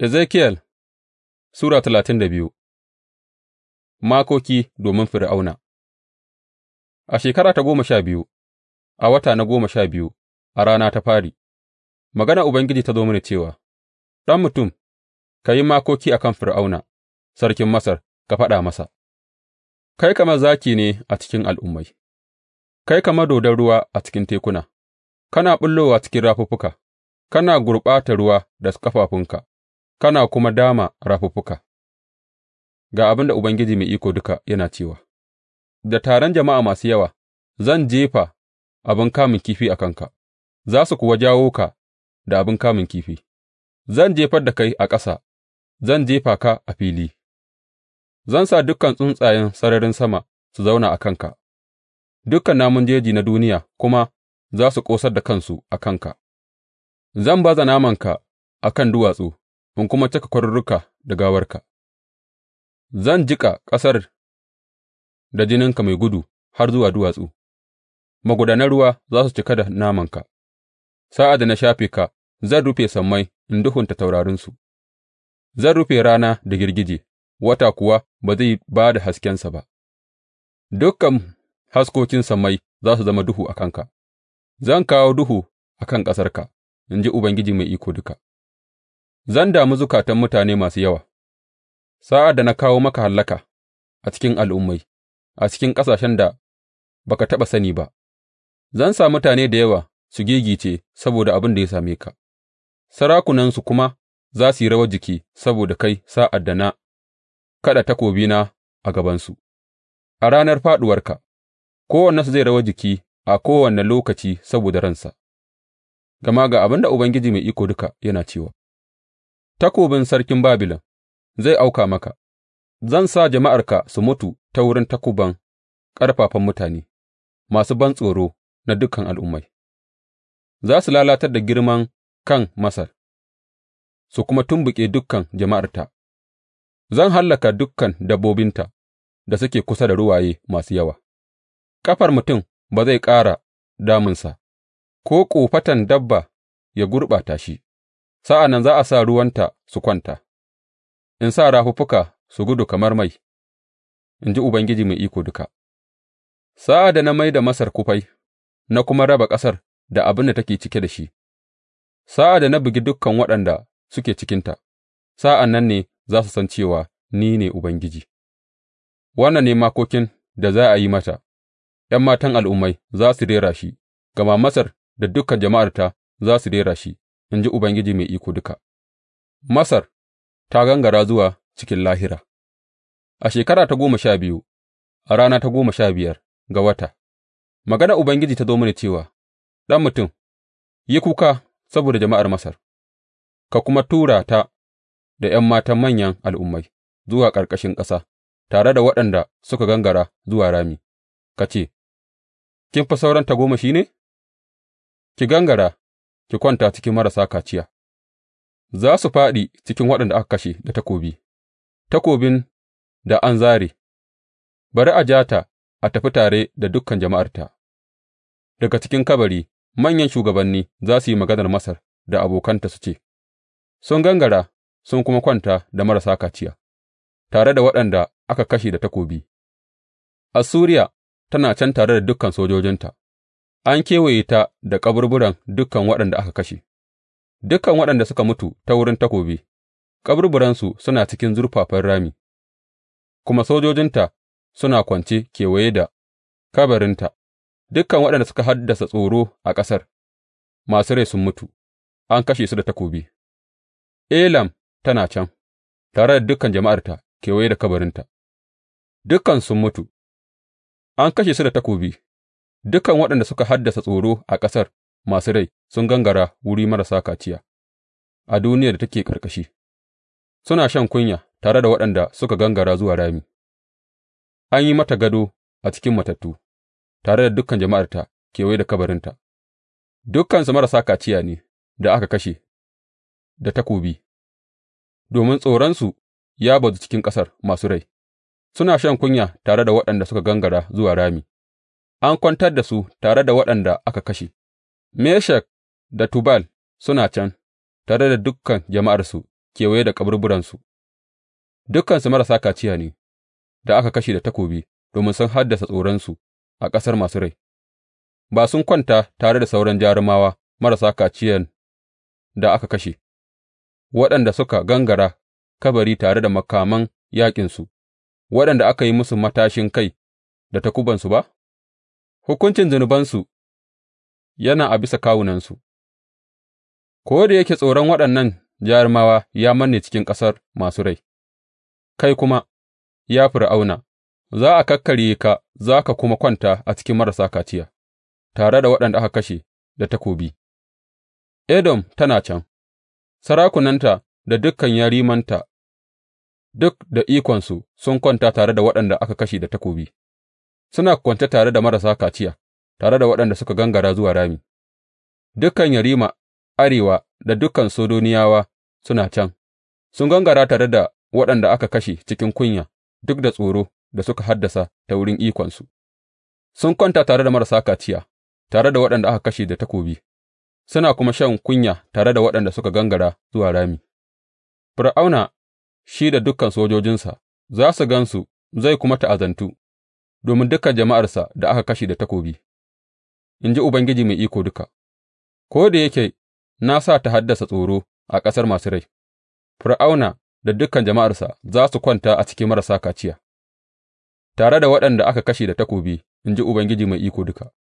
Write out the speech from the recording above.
Ezekiyel Sura talatin da biyu Makoki domin Fir'auna A shekara ta goma sha biyu, a wata na goma sha biyu, a rana ta fari, Magana Ubangiji ta zo mini cewa, Ɗan mutum, ka yi makoki a kan Fir'auna, sarkin Masar, ka faɗa masa, Kai kamar zaki ne a cikin al'ummai, kai kamar dodon ruwa a cikin tekuna, kana ɓullowa cikin rafuffuka, kana gurɓata ruwa da kafafunka. kana kuma dama rafuffuka, ga abin da Ubangiji Mai Iko Duka yana cewa, Da taron jama'a masu yawa zan jefa abin kamun kifi a kanka, za su kuwa jawo ka da abin kamun kifi, zan jefar da kai a ƙasa, zan jefa ka a fili, zan sa dukan tsuntsayen sararin sama su zauna a kanka, dukan namun jeji na duniya kuma za su ƙosar da kansu a kanka, zan baza namanka a kan duwatsu. in kuma caka kwaruruka da gawarka; zan jiƙa ƙasar da jininka mai gudu har zuwa duwatsu, magudanan ruwa za su cika da namanka; sa'ad da na shafe ka, zan rufe sammai in duhunta taurarinsu, zan rufe rana da girgije, wata kuwa ba zai ba da haskensa ba, Dukkan haskokin sammai za su zama duhu a kanka; zan kawo duhu a kan ƙasarka, in ji Ubangiji Mai Iko Duka. Zan damu zukatan mutane masu yawa sa'ad da na kawo maka hallaka a cikin al'ummai, a cikin ƙasashen da ba ka taɓa sani ba, zan sa mutane da yawa su gigice saboda abin da ya same ka, sarakunansu kuma za su yi rawar jiki saboda kai sa'ad da na kaɗa takobina a gabansu. A ranar fāɗuwarka, kowannensu zai rawar jiki a kowane lokaci saboda ransa, gama ga abin da Ubangiji Mai Iko Duka yana cewa. takobin sarkin Babilon zai auka maka, zan sa jama'arka su mutu ta wurin takuban ƙarfafan mutane masu ban tsoro na dukan al'ummai, za su lalatar da girman kan Masar su kuma tumɓuke dukan jama'arta, zan hallaka dukan dabbobinta da suke kusa da ruwaye masu yawa, ƙafar mutum ba zai ƙara damunsa, ko ƙofatan dabba ya gurɓata shi. Sa'an nan za a sa ruwanta su kwanta, in sa rafuffuka su gudu kamar mai, in ji Ubangiji Mai Iko Duka, sa'ad da na mai da Masar kufai na kuma raba ƙasar da abin da take cike da shi, sa'ad da na bugi dukan waɗanda suke cikinta, sa'an nan ne za su san cewa ni ne Ubangiji. Wannan ne makokin da za a yi mata, ’yan matan al'ummai za su rera shi, gama Masar da dukan jama'arta za su rera shi. in ji Ubangiji Mai Iko Duka, Masar ta gangara zuwa cikin lahira A shekara ta goma sha biyu, a rana ta goma sha biyar ga wata, magana Ubangiji ta zo mini cewa, Ɗan mutum, yi kuka saboda jama'ar Masar, ka kuma tura ta da ’yan matan manyan al'ummai zuwa ƙarƙashin ƙasa, tare da waɗanda suka gangara zuwa rami, ka ce, Kin fi sauran shi ne? Ki gangara ki kwanta cikin marasa kaciya, za su fāɗi cikin waɗanda aka kashe da takobi, takobin da an zare. bari a ja ta a tafi tare da dukan jama'arta, daga cikin kabari manyan shugabanni za su yi maganar Masar da abokanta su ce, Sun gangara sun kuma kwanta da marasa kaciya, tare da waɗanda aka kashe da takobi, Assuriya tana can tare da dukan sojojinta. An kewaye ta da kaburburan dukan waɗanda aka kashe, dukan waɗanda suka mutu ta wurin takobi, kaburburansu suna cikin zurfafan rami, kuma sojojinta suna kwance kewaye da kabarinta; dukan waɗanda suka haddasa tsoro a ƙasar, masu rai sun mutu, an kashe su da takobi Elam tana can, tare da dukan jama'arta kewaye da kabarinta; dukansu sun mutu, an kashe su da takobi. Dukan waɗanda suka haddasa tsoro a ƙasar masu rai sun gangara wuri marasa kaciya a duniyar da take ƙarƙashi, suna shan kunya tare da waɗanda suka gangara zuwa rami; an yi mata gado a cikin matattu tare da dukan jama'arta kewaye da kabarinta, dukansu marasa kaciya ne da aka kashe da takobi, domin tsoronsu ya bazu cikin ƙasar masu rai, suna shan kunya tare da waɗanda suka gangara zuwa rami. An kwantar da su tare da waɗanda aka kashe; Meshek da Tubal suna can tare da dukan jama'arsu kewaye da kaburburansu, dukansu marasa kaciya ne da aka kashe da takobi domin sun haddasa tsoronsu a ƙasar masu rai, ba sun kwanta tare da sauran jarumawa marasa kaciyan da aka kashe, waɗanda suka gangara kabari tare da makaman yaƙinsu, waɗanda aka yi musu matashin kai da takubansu ba? Hukuncin zunubansu yana a bisa kawunansu, ko da yake tsoron waɗannan jarumawa ya manne cikin ƙasar masu rai, kai kuma, ya Fir'auna, za a kakkarye ka za ka kuma kwanta a cikin marasa kaciya, tare da waɗanda aka kashe da takobi. Edom tana can, sarakunanta da dukan yarimanta, duk da ikonsu sun kwanta tare da waɗanda aka kashe da takobi. suna kwance tare da marasa kaciya, tare da waɗanda suka gangara zuwa rami, dukan yarima arewa da dukan Sidoniyawa suna can, sun gangara tare da waɗanda aka kashe cikin kunya duk da tsoro da suka haddasa ta wurin ikonsu, sun kwanta tare da marasa kaciya, tare da waɗanda aka kashe da takobi, suna kuma shan kunya tare da waɗanda suka gangara zuwa rami. Fir'auna shi da dukan sojojinsa za su gan su zai kuma ta'azantu, domin dukan jama'arsa da aka kashe da takobi, in ji Ubangiji Mai Iko Duka, ko da yake na sa ta haddasa tsoro a ƙasar masu rai, Fir'auna da dukan jama'arsa za su kwanta a cikin marasa kaciya, tare da waɗanda aka kashe da takobi, in ji Ubangiji Mai Iko Duka.